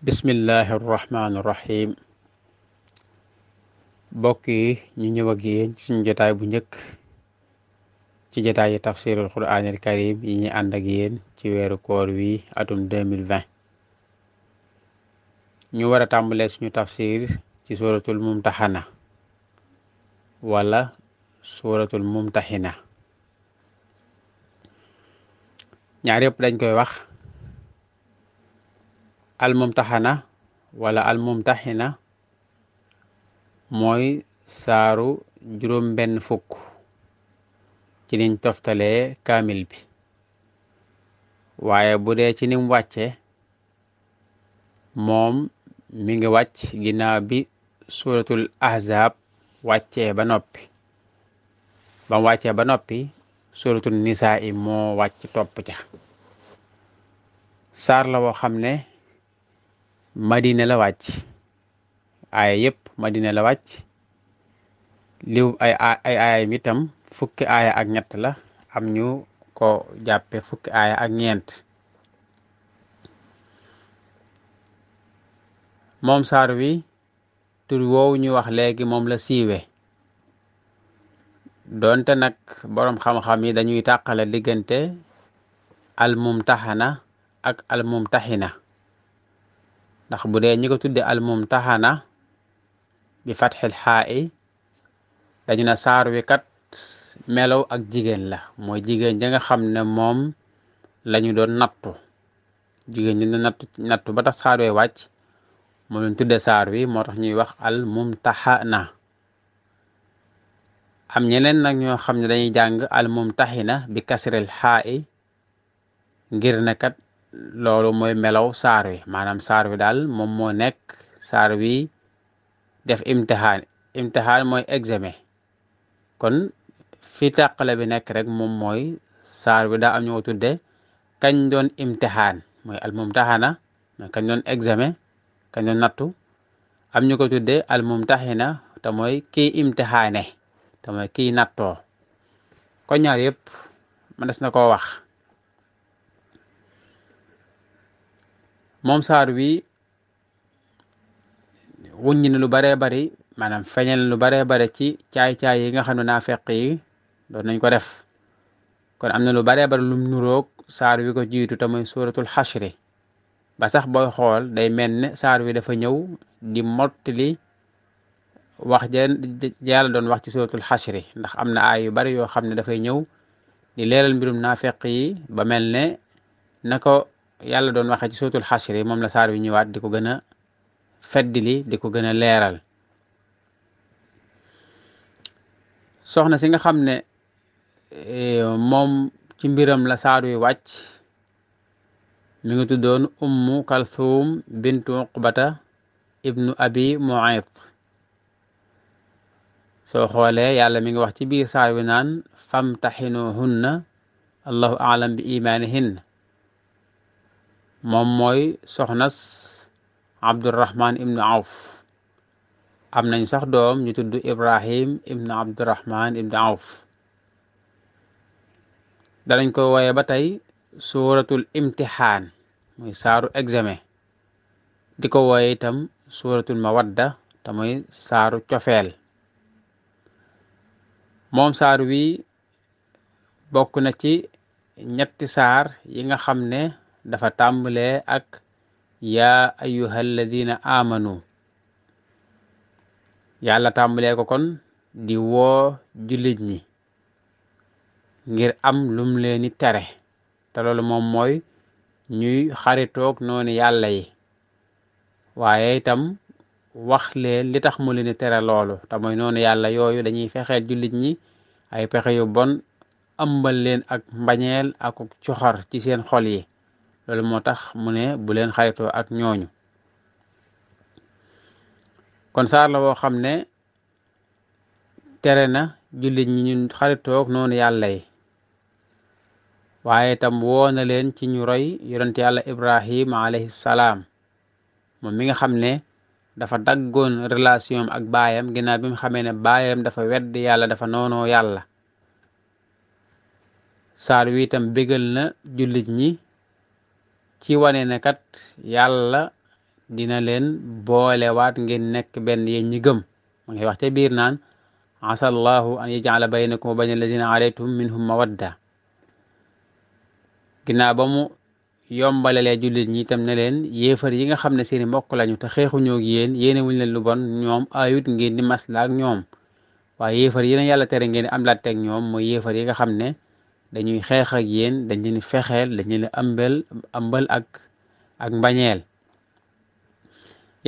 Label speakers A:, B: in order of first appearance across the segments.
A: bismillahi arrahmaani irrahim bokk yi ñu ñëw ak yéen ci suñu jotaay bu njëkk ci jotaay yi tafsirul quraanil karim yi ñu ànd ak yéen ci weeru koor wi atum 2020 ñu war a tàmbalee suñu tafsir ci suratul taxana wala suratul mumtaxina ñaar yëpp dañ koy wax almumtaxana wala almumtaxina mooy saaru juróom benn fukk ci niñ toftalee kaamil bi waaye bu dee ci nim wàcce moom mi ngi wàcc ginnaaw bi suuratul ahzab wàccee ba noppi ba mu wàccee ba noppi suuratul nisaa i moo wàcc topp ca saar la woo xam ne madine la wàcc aaya yëpp madine la wàcc liw ay ay itam fukki aaya ak ñett la am ñu ko jàppe fukki aaya ak ñeent moom saar wi tur woowu ñu wax léegi moom la siiwe doonte nag boroom xam-xam yi dañuy tàqale diggante almumtaxana ak almumtaxina ndax bu dee ñi ko tudde na bi fatxil xaa'i dañu na saar wi kat melow ak jigéen la mooy jigéen ja nga xam ne moom lañu doon nattu jigéen ñi nattu nattu ba tax saar wi wàcc moom lañ tudde saar wi moo tax ñuy wax almumtahana am ñeneen nag ñoo xam ne dañuy jàng almumtahina bi kasril xaa'i ngir ne kat loolu mooy melaw saar wi maanaam saar wi daal moom moo nekk saar wi def imtihaan imtihaan mooy examen kon fii tàqale bi nekk rek moom mooy saar wi daa am ñu tudde kañ doon imtihaan mooy al mumtahana mooy kañ doon examen kañ doon nattu am ñu ko tudde al mumtahina te mooy kii imtihaane te mooy ki nattoo kon ñaar yëpp mënees na koo wax moom saar wi wuññi ne lu baree bari maanaam feeñal lu baree bari ci caay-caay yi nga xam ne naafeq yi doon nañ ko def kon am na lu baree bari lum nuroog saar wi ko jiitu te mooy suuratul xashri ba sax booy xool day mel ne saar wi dafa ñëw di mottali wax ja yàlla doon wax ci suuratul xashri ndax am na aay yu bari yoo xam ne dafay ñëw di leeral mbirum naafeq yi ba mel ne yàlla doon waxee ci suutul xasri moom la saar wi ñëwaat di ko gën a feddili di ko gën a leeral soxna si nga xam ne eh, moom ci mbiram la saar wi wàcc mi ngi tuddoon ummu kalthum bintu uqbata ibnu abi muayt soo xoolee yàlla mi ngi wax ci biir saar wi naan famtaxinuhunna allahu aalam bi imaanihinna moom mooy soxnas abdurahman ibnu awf am nañ sax doom ñu tudd ibrahim ibnu abdurahman ibnu awf danañ ko wooye ba tey suuratul imtixaan muy saaru examen di ko wooye itam suuratul mawadda te muy saaru cofeel moom saar wi bokk na ci ñetti saar yi nga xam ne dafa tàmbalee ak ya ayuha alladina amanu yàlla tàmbalee ko kon di woo jullit ñi ngir am lum leeni tere te loolu moom mooy ñuy xaritoog noonu yàlla yi waaye itam wax leen li tax mu leeni tere loolu te mooy noonu yàlla yooyu dañuy fexeel jullit ñi ay pexe yu bon ëmbal leen ak mbañeel ak coxar ci seen xol yi loolu moo tax mu ne bu leen xaritoo ak ñooñu kon saar la woo xam ne tere na jullit ñi ñun xaritoog noonu yàlla yi waaye tam woo na leen ci ñu roy yonent yàlla ibrahim alayhi salaam moom mi nga xam ne dafa daggoon relation ak baayam ginnaaw bi mu xamee ne baayam dafa wedd yàlla dafa noonoo yàlla saar wi itam bégal na jullit ñi ci wane ne kat yàlla dina leen boolewaat ngeen nekk benn yéen ñi gëm mu ngi wax te biir naan asa allahu an yajala baynakum wa bayna alladina aadaytum minhum mawadda ginnaaw ba mu yombalalee jullit ñi itam ne leen yéefar yi nga xam ne seeni mbokk lañu te xeexuñoo ak yéen yéene wuñ leen lu bon ñoom ayut ngeen di maslaa ñoom waaye yéefar yi na yàlla tere ngeen am laat teg ñoom mooy yéefar yi nga xam ne dañuy xeex ak yéen dañ leen fexeel dañ leen ambal ambal ak ak mbañeel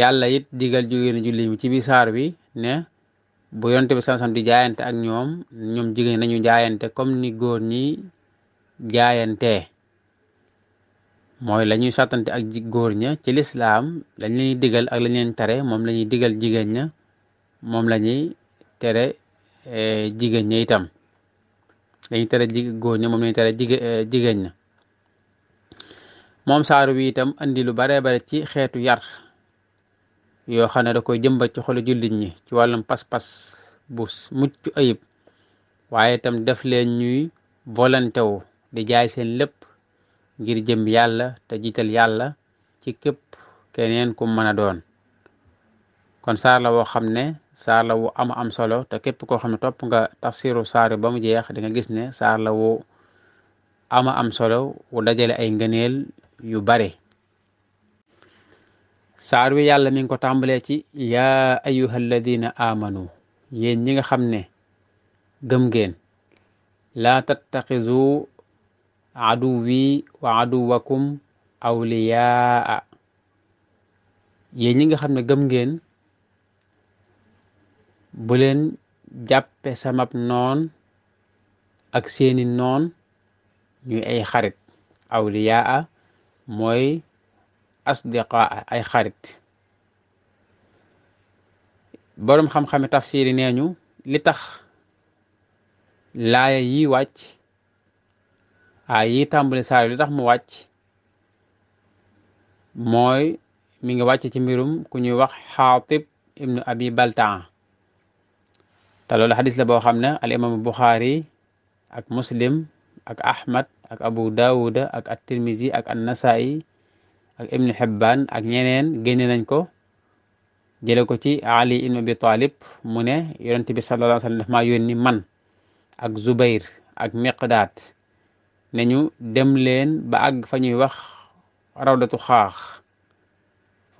A: yàlla yit digal jigéenu jullit mi ci biir saar bi ne bu yonte bi sansam di jaayante ak ñoom ñoom jigéen nañu jaayante comme ni góor ñi jaayante mooy la ñuy sàttante ak góor ña ci lislaam lañ leen digal ak lañ tere moom lañuy digal jigéen ña moom lañuy tere eh, jigéen ña itam dañuy tere ji góor ña moom lañuy tere eh, jigéen ña moom saaru wi itam andi lu baree bare ci xeetu yar yoo xam ne da koy jëmbat ci xolu jullit ñi ci wàllum pas-pas bu mucc ayib waaye itam def leen ñuy volonté di jaay seen lépp ngir jëm yàlla te jiital yàlla ci képp keneen ku mën a doon kon saar la woo xam ne saar la wu am am solo te képp koo xam ne topp nga tafsiru saar ba mu jeex di gis ne saar la wu ama am solo wu dajale ay ngëneel yu bare saar wi yàlla mi ngi ko tàmbalee ci ya ayuha alladina amanu yéen ñi nga xam ne gëm ngeen laa tattaxizu aduwi wa aduwakum awliyaa yéen ñi nga xam ne gëm ngeen bu leen jàppe samab noon ak seeni noon ñuy ay xarit awliyaa mooy asdiqaa ay xarit boroom xam-xami tafsir nee ñu li tax laaya yi wàcc ay yi tàmbali saar li tax mu wàcc mooy mi ngi wàcc ci mbirum ku ñuy wax xaatib ibnu abi baltaa te loolu xadis la boo xam ne al imam Buxaari ak muslim ak ahmad ak abu daawuda ak at tirmisi ak an nasaayi ak ibnu xibban ak ñeneen génne nañ ko jële ko ci ali ibn abi talib mu ne yonent bi sallallahu alayhi wa sallam man ak zubair ak miqdaat ne ñu dem leen ba àgg fa ñuy wax rawdatu xaax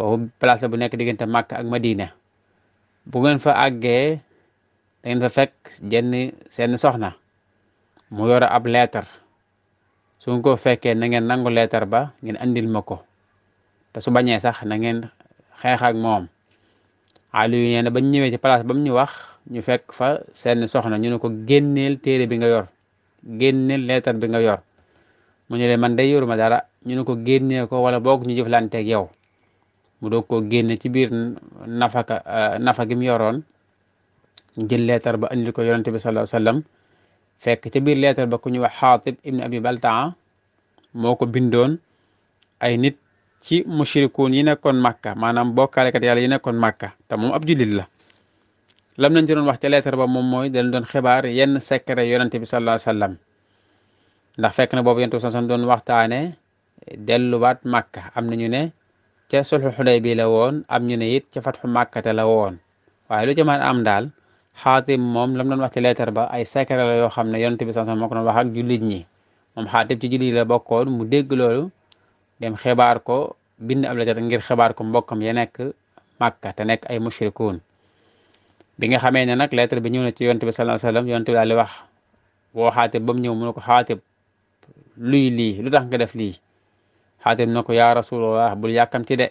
A: foofu place bu nekk diggante màkk ak madina bu fa àggee da ngeen fa fekk jenn seen soxna mu yore ab leetar su ko fekkee na ngeen nangu leetar ba ngeen andil ma ko te su bañee sax na ngeen xeex ak moom Aliou nee na bañ ñëwee ci place ba mu ñu wax ñu fekk fa seen soxna ñu ne ko génneel téere bi nga yor génneel leetar bi nga yor mu ñu leen man day yoruma dara ñu ne ko génnee ko wala boog ñu jëflanteeg yow mu doog koo génne ci biir nafaka euh, nafa gi mu yoroon jël leetar ba andil ko yonente bi sallallahu alayhi fekk ca biir leetar ba ku ñu wax xaatib ibn abi baltaa moo ko bindoon ay nit ci mushrikuun yi nekkoon màkka maanaam bokkaalekat yàlla yi nekkoon màkka te moom ab jullit la lam nañ ci doon wax ca leetar ba moom mooy dañ doon xibaar yenn secret yonente bi sallallahu alayhi ndax fekk na boobu yonente bi sallallahu doon waxtaane delluwaat màkka am nañu ne ca sulhu xudaybiya la woon am ñu ne it ca fat màkkate la woon waaye lu daal xaatim moom lam doon wax ci leetar ba ay secret yoo xam ne yonent bi sansan moo ko doon wax ak jullit ñi moom xaatim ci jullit la bokkoon mu dégg loolu dem xebaar ko bind ab leetar ngir xibaar ko mbokkam ya nekk màkka te nekk ay mushrikuun bi nga xamee ne nag leetar bi ñëw ci yonent bi sallallahu alayhi wasallam yonent wax woo xaatib ba mu ñëw mu ko xaatib luy li lu tax nga def lii xaatib na ko yaa rasulallah bul yàkkam ci de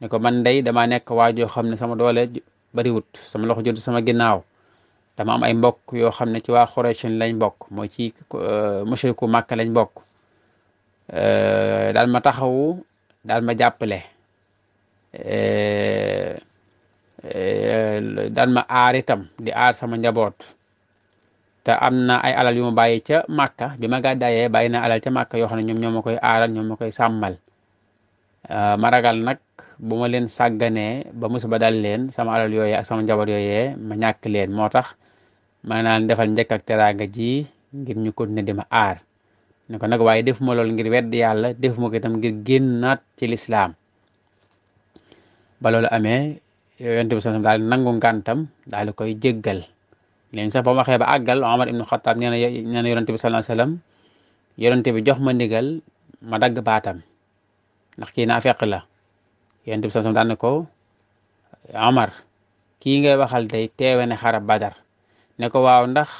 A: ne ko man day damaa nekk waajoo xam ne sama doole bariwut sama loxo jot sama ginnaaw dama am ay mbokk yoo xam ne ci waa Xurayshin lañ bokk mooy ci euh, mushriku Màkka lañ bokk euh, daal ma taxawu daal ma jàppale euh, daal ma aar itam di aar sama njaboot te am na ay alal yu ma bàyyi ca Màkka bi ma gàddaayee bàyyi na alal ca Màkka yoo xam ne ñoom ñoom ma koy aaral ñoom ma koy sàmmal ma ragal nag bu ma leen sàgganee ba musiba dal leen sama alal yooyee ak sama njaboot yooye ma ñàkk leen moo tax maa naan defal njëkk ak teraanga ji ngir ñu continuer di ma aar ne ko nag waaye defuma lool ngir wedd yàlla defuma ko itam ngir génnaat ci lislaam ba loolu amee yonent bi sallallahu alayhi wasallam daal nangu ngàntam daal di koy jéggal léegi sax ba ma waxee ba àggal Omar ibnu Xattaab nee na nee na bi sallallahu alayhi wasallam bi jox ma ndigal ma dagg baatam ndax kii naa feq la yonent bi sasam daan ne ko Omar kii ngay waxal day teewe ne xara badar ne ko waaw ndax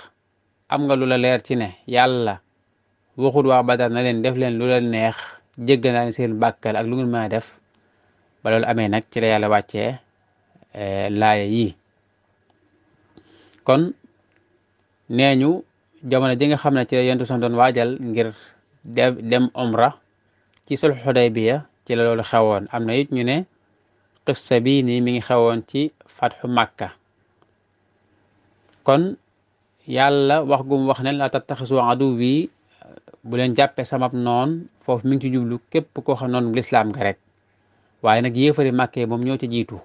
A: am nga lu la leer ci ne yàlla waxut wa badar na leen def leen lu la neex jégg naa seen bàkkal ak lu ngeen mën a def ba loolu amee nag ci la yàlla wàccee eh, laaya yii kon nee ñu jamono ji nga xam ne ci la yonent bi doon waajal ngir dem omra ci sulh Hudaybiya ci la loolu xewoon am na it ñu ne qissa bii nii mi ngi xewoon ci fatxu Makka kon yàlla wax gum wax ne la tattaxisu aduwwi bu leen jàppee samab noon foofu mi ngi ci jublu képp koo xam noonu lislaam nga rek waaye nag yéefari Makka yi moom ñoo ci jiitu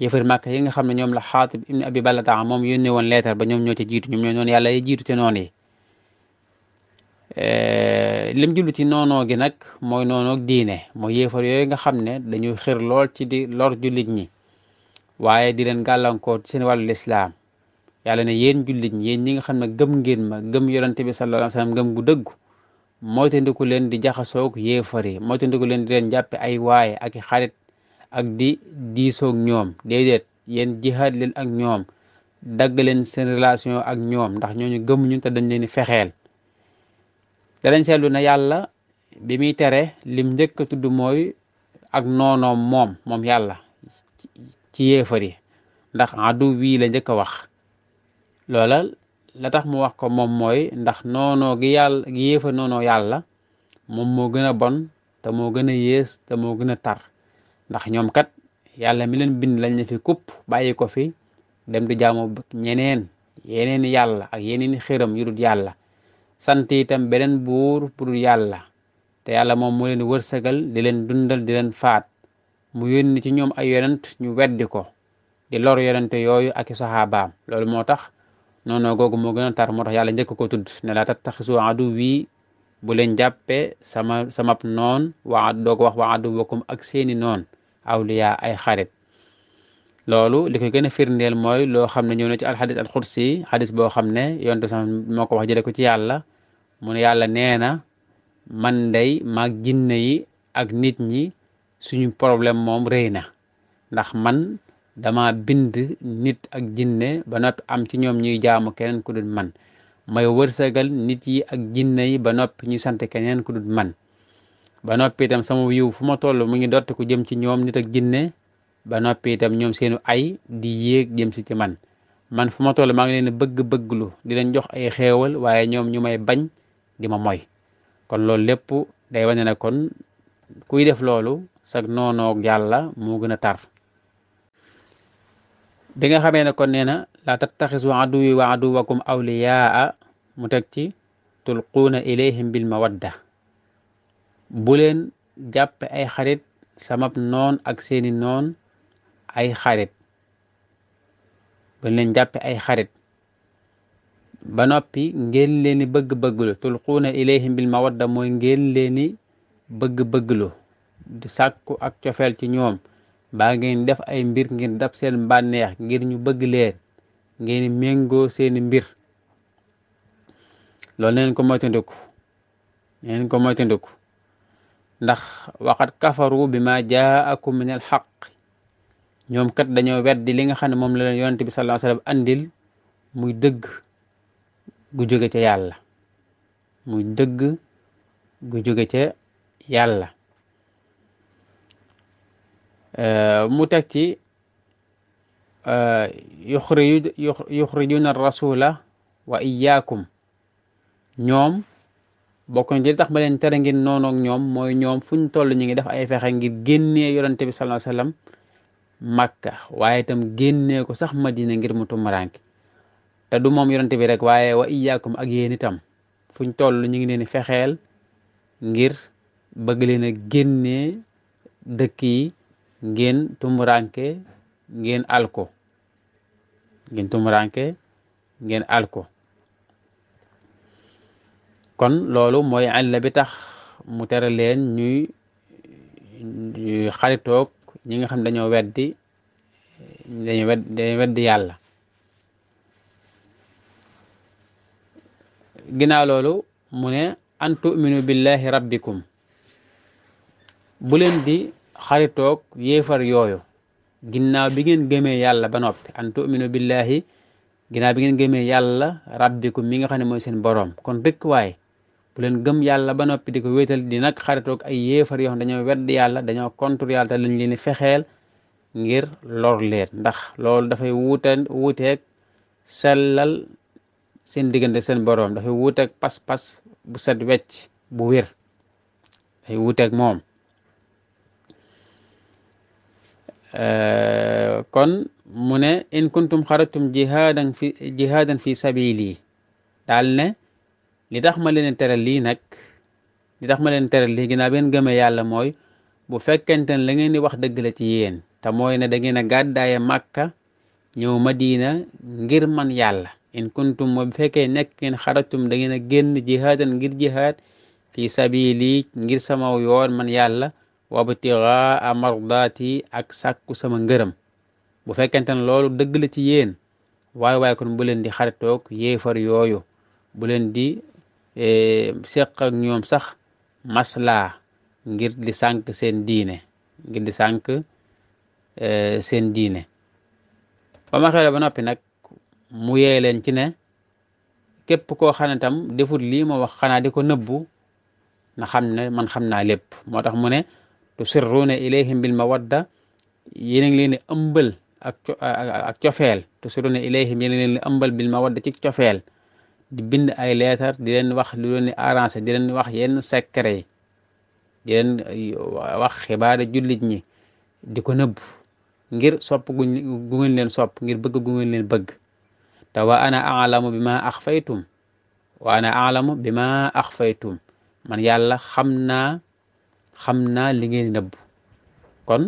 A: yéefari Makka yi nga xam ne ñoom la Xaatib ibn Abi Baltaa moom yónnee woon leetar ba ñoom ñoo ci jiitu ñoom ñoo noonu yàlla yi jiitu te noon yi Eh, lim jublu ci noonoo gi nag mooy noonoog diine mooy yéefar yooyu nga xam ne dañuy xir lool ci di lor jullit ñi waaye di leen gàllankoor seen wàllu lislaam yàlla ne yéen jullit ñi yéen ñi nga xam ne gëm ngeen ma gëm yonante bi sallallahu alayhi wasallam gëm gu dëggu moytandiku leen di jaxasoog yéefar yi moytandiku leen di leen jàppe ay waaye ak i xarit ak di diisoog ñoom déedéet yéen jihaad leen ak ñoom dagg leen seen relation ak ñoom ndax ñooñu gëmuñu te dañ leen di fexeel danañ seetlu na yàlla bi muy teree lim njëkk a tudd mooy ak noonoom moom moom yàlla ci yéefar yi ndax adu wii la njëkk a wax loola la tax mu wax ko moom mooy ndax noonoo gi yàlla gi yéefar noonoo yàlla moom moo gën a bon te moo gën a yées te moo gën a tar ndax ñoom kat yàlla mi leen bind lañ ne fi kup bàyyi ko fi dem du jaamu ñeneen yeneeni yàlla ak yeneen xëram yu dul yàlla sant itam beneen buur pour yàlla te yàlla moom moo leen wërsëgal di leen dundal di leen faat mu yónni ci ñoom ay yonent ñu weddi ko di lor yonente yooyu ak i baam loolu moo tax noonu googu moo gën a tar moo tax yàlla njëkk ko tudd ne laa tattaxisu adu wii bu leen jàppee sama samab noon waa doo ko wax waa adu ak seeni noon awliyaa ay xarit loolu li koy gën a firndeel mooy loo xam ne ñëw na ci alxadis alxursi xadis boo xam ne yonent sax moo ko wax jële ko ci yàlla mu yàlla nee na man day maak jinne yi ak nit ñi suñu problème moom rey na ndax man dama bind nit ak jinne ba noppi am ci ñoom ñuy jaamu keneen ku dul man may wërsëgal nit yi ak jinne yi ba noppi ñu sant keneen ku dul man sama yiw fu ma toll mu ngi dotti ko jëm ci ñoom nit ak jinne ba noppi itam ñoom seenu ay di yéeg jëm si ci man man fu ma toll maa ngi leen bëgg-bëgglu di leen jox ay xeewal waaye ñoom ñu may bañ di ma moy kon loolu lépp day wane na kon kuy def loolu sag noonoog yàlla moo gën a tar bi nga xamee ne kon nee na laa tattaxisu aduwi wa aduwakum awliyaa mu teg ci tulquuna ilayhim bil mawadda bu leen jàppe ay xarit sama noon ak seeni noon ay xarit buñ leen jàppe ay xarit ba noppi ngeen leen i bëgg-bëgglu tulquuna ilayhim bil mawadda mooy ngeen leen i bëgg-bëgglu di sàkku ak cofeel ci ñoom baa ngeen def ay mbir ngeen dab seen bànneex ngir ñu bëgg leen ngeen méngoo seeni mbir lool neen ko moytandiku neen ko moytandiku ndax waqad kafaru bi ma jaakum min al xaq ñoom kat dañoo weddi li nga xam ne moom la leen yonent bi sallallahu andil muy dëgg gu jóge ca yàlla muy dëgg gu jóge ca yàlla euh, mu teg ci euh, yuxriju yuxrijuna rasula wa iyaakum ñoom bokk na li tax ma leen tere ngeen noonu ak ñoom mooy ñoom fuñ toll ñu ngi def ay fexe ngir génnee yonent bi sallallahu alayhi makka waaye itam génnee ko sax madina ngir mu tumuranke te du moom yonent bi rek waaye wa iyaakum ak yéen itam fuñ toll ñu ngi leen di fexeel ngir bëgg leen a génnee dëkk yi ngeen tumuranke ngeen alko ngeen tumuranke ngeen alko kon loolu mooy àll bi tax mu tere leen ñuy xaritoog ñi nga xam dañoo weddi dañoo wedd weddi yàlla ginnaaw loolu mu ne an tuminu billahi rabbikum bu leen di xaritoog yéefar yooyu ginnaaw bi ngeen gëmee yàlla ba noppi an tuminu billahi ginnaaw bi ngeen gëmee yàlla rabbikum mi nga xam ne mooy seen boroom kon rëkk waaye bu leen gëm yàlla ba noppi di ko wéetal di nag xaritoog ay yéefar yoo xam dañoo wedd yàlla dañoo contre yàlla te lañ leen di fexeel ngir lor leen ndax loolu dafay wuute wuuteeg sellal seen diggante seen boroom dafay wuuteeg pas-pas bu set wecc bu wér dafay wuuteeg moom euh, kon mu ne in kuntum xaratum jihaadan fi jihaadan fi sabili daal ne li tax ma leen teral lii nag li tax ma leen teral lii ginnaaw benn gëmee yàlla mooy bu fekkente ne la ngeen di wax dëgg la ci yéen te mooy ne da ngeen a gàddaaye màkka ñëw diina ngir man yàlla in kuntum moo bu fekkee nekk ngeen xaratum dangeen a génn jihaadan ngir jihaad fii sabili ngir sama yoon man yàlla wabtigaa mardaati ak sàkku sama ngërëm bu fekkente ne loolu dëgg la ci yéen waaye waaye kon bu di xaritoog yéefar yooyu bu di Eh, seq ak ñoom sax maslaa ngir di sànq seen diine ngir di sànq eh, seen diine ba ma xewle ba noppi nag mu yee leen ci ne képp koo xam ne tam defut lii ma wax xanaa di ko nëbbu na xam na man xam naa lépp moo tax mu ne tusirruuna ilayhim bil mawadda yéen a ngi leen di ëmbal ak ak cofeel tusirruuna ilayhim yéen a ngi leen di ëmbal bil mawadda ci cofeel di bind ay leetar di leen wax lu leen di di leen wax yenn secret yi di leen wax xibaar jullit ñi di ko nëbb ngir sopp guñ gu leen sopp ngir bëgg gu leen bëgg te wa ana alamu bi ma axfaytum wa ana alamu bi ma axfaytum man yàlla xam naa xam naa li ngeen nëbb kon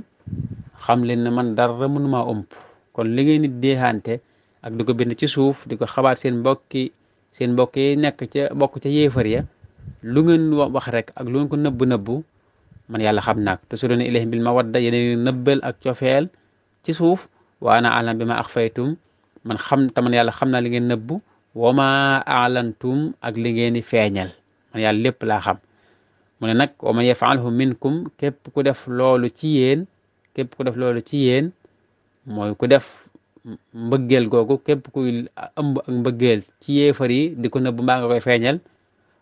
A: xam leen ne man dara mënumaa ëmp kon li ngeen di deexante ak di ko bind ci suuf di ko xabaar seen mbokki seen mbokk nekk ca bokk ca yéefar lu ngeen wax rek ak lu ngeen ko nëbb man yàlla xam naak te surona ilayhim bil mawadda yeneen nëbbal ak cofeel ci suuf wa ana alam bi ma axfaytum man xam te man xam naa li ngeen nëbbu wa ma ak li ngeen di feeñal man yàlla lépp laa xam mu ne nag wa man yafaalhu minkum képp ku def loolu ci yéen képp ku def loolu ci yéen mooy ku def mbëggeel googu képp kuy ëmb ak mbëggeel ci yéefar yi di ko nëbb mbaa nga feeñal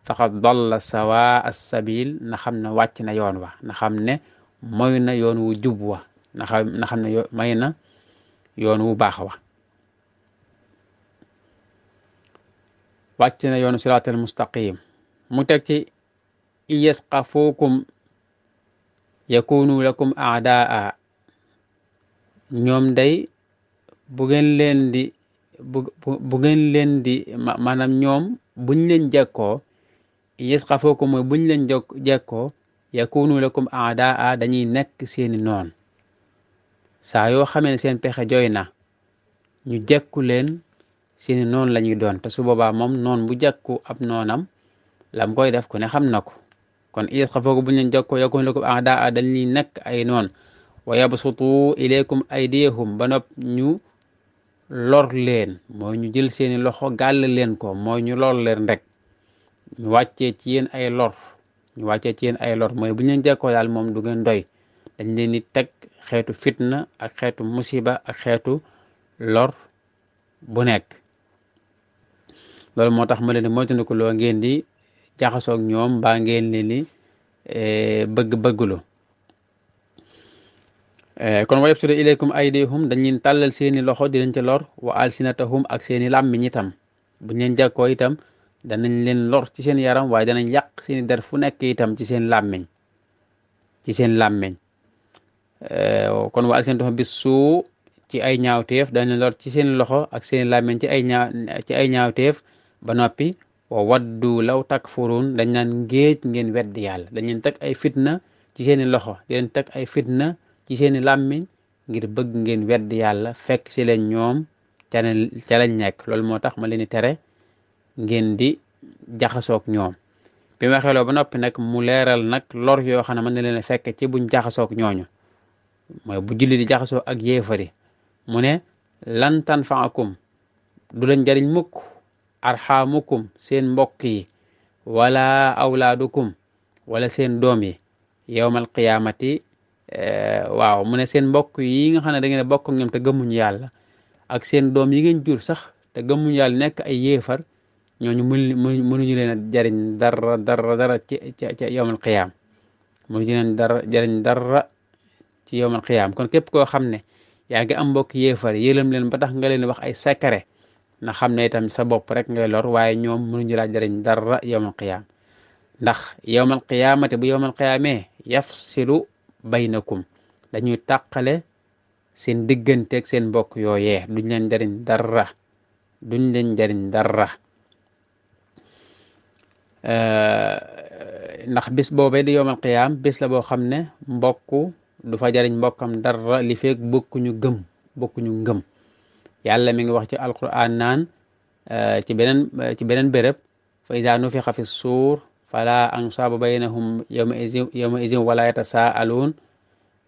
A: faqad dalla sawa assabil na xam ne wàcc na yoon wa na xam ne moy na yoon wu jub wa na xam ne may na yoon wu baax wa wàcc na yoonu siraatal mustaqim mu teg ci in yasqafuukum yakunu lakum aadaa ñoom day bu ngeen leen di bu bu ngeen leen di maanaam ñoom buñ leen jekkoo yes xafoo ko mooy buñ leen jok jekkoo yakunu lakum aadaa dañuy nekk seeni noon saa yoo xamee ne seen pexe jooy na ñu jekku leen seeni noon la ñuy doon te su boobaa moom noon bu jekku ab noonam lam koy def ku ne xam na ko kon is xafooku buñ leen jekkoo yakunu lakum aadaa dañuy nekk ay noon wa yabsutu ilaykum aydiyahum ba nopp ñu lor leen mooy ñu jël seeni loxo gàll leen ko mooy ñu lor leen rek ñu wàccee ci yéen ay lor ñu wàccee ci yéen ay lor mooy bu ñu leen jekkoo daal moom du ngeen doy dañ leen di teg xeetu fitna ak xeetu musiba ak xeetu lor bu nekk loolu moo tax ma leen di moytandiku loo ngeen di jaxasoog ñoom mbaa ngeen leen di eh, bëgg-bëgglu Eh, kon wa yabsutu ilaykum aydihum dañ leen tàllal seeni loxo di leen ca lor wa alsinatahum ak seeni làmmiñ itam buñ leen jàkkoo itam danañ leen lor ci seen yaram waaye danañ yàq seeni der fu nekk itam ci seen làmmiñ ci seen làmmiñ eh, kon wa alsinatahum bis suu ci ay ñaawteef dañ leen lor ci seen loxo ak seeni làmmiñ ci ay ci ay ñaawteef ba noppi wa waddu law takfurun dañ naan ngéej ngeen weddi yàlla dañ leen teg ay fitna ci seeni loxo di leen ay fitna ci seeni làmmiñ ngir bëgg ngeen wedd yàlla fekk si leen ñoom ca lañ nekk lool moo tax ma leen di tere ngeen di jaxasook ñoom bi ma xeloo ba noppi nag mu leeral nag lor yoo xam ne mën na leen a fekk ci buñ jaxasook ñooñu mooy bu julli di jaxasoo ak yéefari mu ne lan tanfaakum du leen jariñ mukk arxaamukum seen mbokk yi wala awlaadukum wala seen doom yi yowmal qiyaamati Eh, waaw mu ne seen mbokk yi nga xam ne da ngeen bokk ak ñoom ak seen doom yi ngeen jur sax te gëmuñu yàlla nekk ay yéefar ñooñu mënuñu mënuñu leen a jariñ dara dara dara ci ca ca yowmal qiyaam mënuñu leen dara jariñ dara ci yowmal qiyaam kon képp koo xam ne yaa ngi am mbokk yéefar yëlam leen ba tax nga leen wax ay secret na xam ne itam sa bopp rek ngay lor waaye ñoom mënuñu laa jariñ dara yowmal qiyaam ndax yowmal qiyaamate bu yowmal qiyaamee yafsilu baynakum dañuy tàqale seen digganteek seen mbokk yooyee duñ leen jariñ dara duñ leen jariñ dara ndax bis boobee di yowmal qiyaam bis la boo xam ne mbokk du fa jariñ mbokkam dara li feeg bokkuñu gëm bokkuñu ngëm yàlla mi ngi wax ci alquran naan ci beneen ci beneen fa iza nufixa fi suur fala ansaaba baynahum yawma izin yawma izin wala yatasaaluun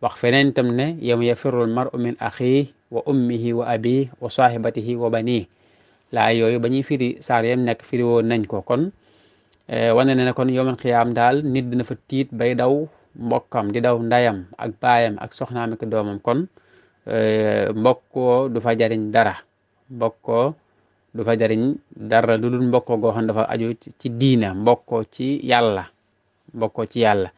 A: wax feneen tam ne yawma yafirru almaru min axiih wa ummihi wa abiih wa saahibatihi wa baniih laa yooyu ba ñuy firi saar yam nekk firi woon nañ ko kon eh, wane ne ne kon yawmal qiyaam daal nit dina fa tiit bay daw mbokkam di daw ndayam ak baayam ak soxnaam ak doomam kon eh, mbokkoo du fa jariñ dara mbokkoo du fa jariñ dara lu dul mbokkoo goo xam dafa aju ci diina mbokkoo ci yàlla mbokkoo ci yàlla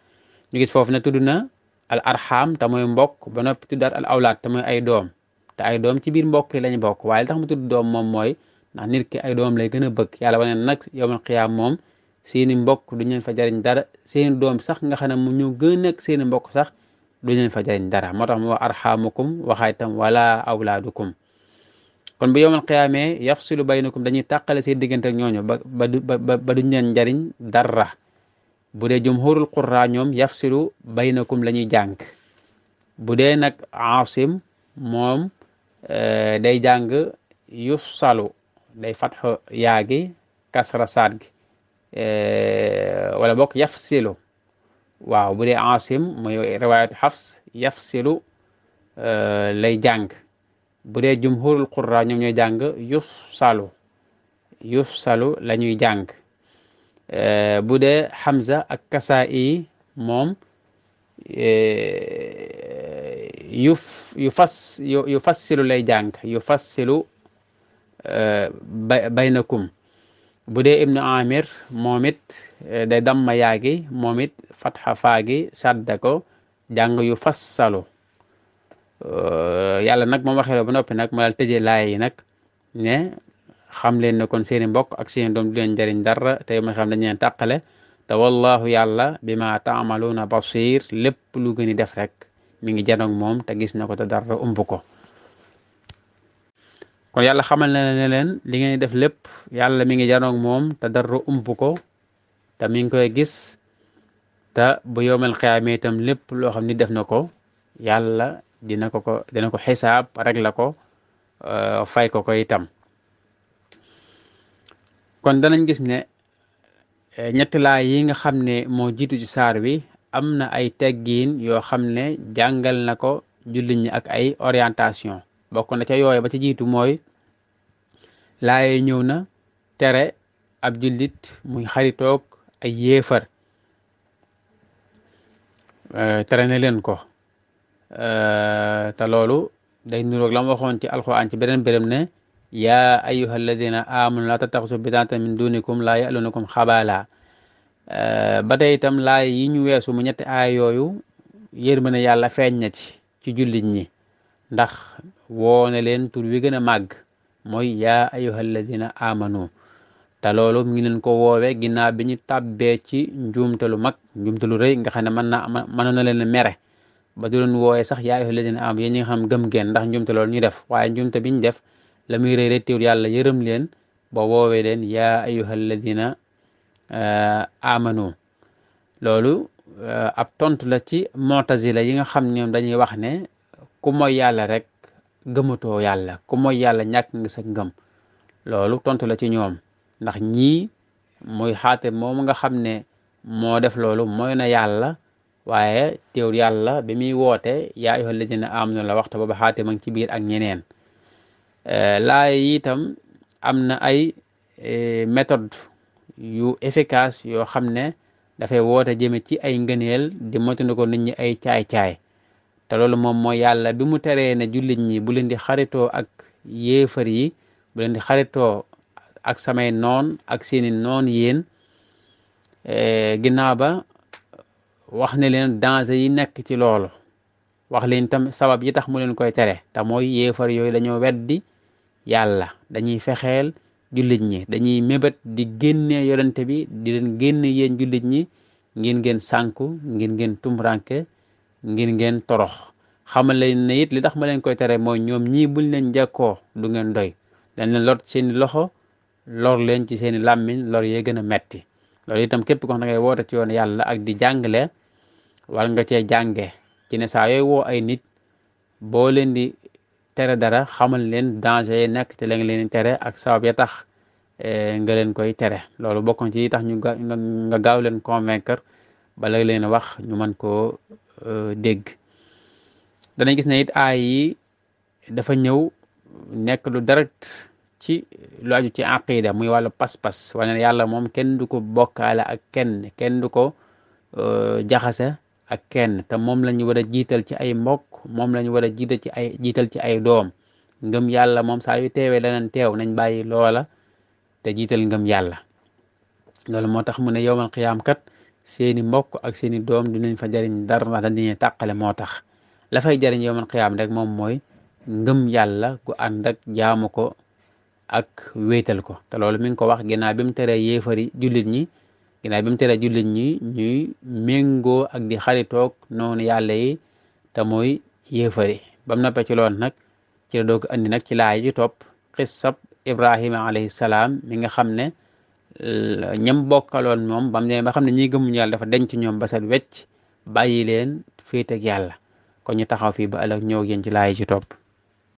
A: ñu gis foofu ne tudd na al arxam te mooy mbokk ba noppi tuddaat al awlaat te ay doom te ay doom ci biir mbokk yi lañ bokk waaye li tax mu tudd doom moom mooy ndax nit ki ay doom lay gën a bëgg yàlla wane nag yowmal xiyaam moom seeni mbokk du leen fa jariñ dara seeni doom sax nga xam ne mu ñu gën ak seeni mbokk sax du moo tax mu wax waxaay tam wala awlaadukum kon bu yowmal qiyaamee yafsilu baynakum dañuy tàqale seen diggante ak ñooñu ba ba ba duñ leen njariñ dara bu dee jumhurul qurra ñoom yafsilu baynakum la ñuy jàng bu dee nag aasim moom eh, day jàng yufsalu day fatxo yaagi kasra saat gi eh, wala bokk yafsilu waaw bu dee aasim mooy riwaayatu xafs yafsilu eh, lay jàng bu dee jumhurul qurra ñoom ñooy jàng yuf salu yuf salu la ñuy jàng eh, bu dee Hamza ak kasaa i moom eh, yuf yu fas yu fassilu lay jàng yu fassilu eh, baynakum bu dee ibnu amir moom it day damma yaagi moom fatxa faagi sadda ko jàng yu fassalu Euh, yàlla nag moom waxee la ba noppi nag ma daal tëjee laay yi nag ne xam leen ne kon seen i mbokk ak seen doom du leen njëriñ dara tey ma xam dañ leen tàqale te wallahu yàlla bi ma taamaluuna basir lépp lu gën a def rek mi ngi janoog moom te gis na ko te dara ëmb ko kon yàlla def lépp yàlla mi ngi janoog moom te dara ëmb ko mi ngi koy gis ta bu yowmal xiyaama itam lépp loo xam ni def na ko yàlla dina ko ko dina ko xisaab régler ko euh, fay ko ko itam kon danañ gis ne euh, ñetti laay yi nga xam ne moo jiitu ci saar wi am na ay teggiin yoo xam ne jàngal na ko jullit ñi ak ay orientation bokk na ca yooyu ba ci jiitu mooy laaye ñëw na tere ab jullit muy xaritoog ay yéefar euh, tere na leen ko Euh, te loolu day niroog la mu waxoon ci alquran ci beneen béréb ne yaa ayuha alladina amanu laa tattaxisu bidaatan min dunikum laa yalunakum kom euh, ba tey itam laay yi ñu weesu mu ñetti aay yooyu yërmande yàlla feeñ na ci ci jullit ñi ndax woone leen tur wi gën a màgg mooy yaa ayuha alladina amano te loolu mi ngi leen ko woowee ginnaaw bi ñu tàbbee ci njuumte lu mag njuumte lu nga xam ne mën na mënoon na leen mere ba du leen wooyee sax yaa ayyuhal lazina am yéen ñi nga xam gëm ngeen ndax njumte loolu ñu def waaye njumte biñ def la muy rëy rek teewul yërëm leen ba woowee leen yaa ayyuhal lazina euh, amanu loolu euh, ab tontu la ci mutazila yi nga xam ñoom dañuy wax ne ku mooy yàlla rek gëmatoo yàlla ku mooy yàlla ñàkk nga sa ngëm loolu tontu la ci ñoom ndax ñii muy xaate moom nga xam ne moo def loolu mooy na yàlla waaye tew yàlla bi muy woote yaa na am amanu la waxta ba xaate ma ngi ci biir ak ñeneen eh, laay itam am na ay eh, méthode yu efficace yoo xam ne dafay woote jëme ci ay ngëneel di moytandi ko nit ñi ay caay-caay te loolu moom mooy yàlla bi mu teree ne jullit ñi bu leen di xaritoo ak yéefar yi bu leen di xaritoo ak samay noon ak seeni noon yéen eh, ginnaaw wax ne leen danger yi nekk ci loolu wax leen tam sabab yi tax mu leen koy tere te mooy yéefar yooyu dañoo weddi yàlla dañuy fexeel jullit ñi dañuy mébét di génnee yonente bi di leen génne yéen jullit ñi ngeen ngeen sànku ngir ngeen tumranke ngir ngeen torox xamal leen ne it li tax ma leen koy tere mooy ñoom ñii buñ leen jekkoo du ngeen doy dañ leen lor seeni loxo lor leen ci seeni làmmiñ lor yee gën a metti loolu itam képp ko xam ne ngay woote di jàngale war nga cee jànge ci ne saa wo ay nit boo leen di tere dara xamal leen danger yi nekk te la leen tere ak sabab ya tax eh, nga leen koy tere loolu bokk na ci tax ñu nga gaaw leen convaincre bala leen wax ñu mën koo eh, dégg danañ gis na it aay yi dafa ñëw nekk lu direct ci lu aju ci aqida muy wàllu pas-pas wane yàlla moom kenn du ko bokkaale ak kenn kenn du ko eh, jaxase ak kenn te moom lañu war a jiital ci ay mbokk moom lañu war a jiital ci ay jiital ci ay doom ngëm yàlla moom saa yu teewee danañ teew nañ bàyyi loola te jiital ngëm yàlla loolu moo tax mu ne yowmal qiyaam kat seeni mbokk ak seeni doom dinañ fa jariñ dar ndax dañuy tàqale moo tax la fay jariñ yowmal qiyaam rek moom mooy ngëm yàlla gu ànd ak jaamu ko ak wéetal ko te loolu mi ngi ko wax ginnaaw bi mu teree jullit ñi ginnaaw bi mu tere jullit ñi ñuy méngoo ak di xaritoog noonu yàlla yi te mooy yéefari ba mu noppee nag ci la doog nag ci laay ji topp xissab ibrahima alayhi salaam mi nga xam ne ñam bokkaloon moom bam ne ba xam ne ñi gëmuñu yàlla dafa denc ñoom ba set wecc bàyyi leen féet yàlla kon ñu taxaw fii ba ëllëg ñëw yéen ci laay ji topp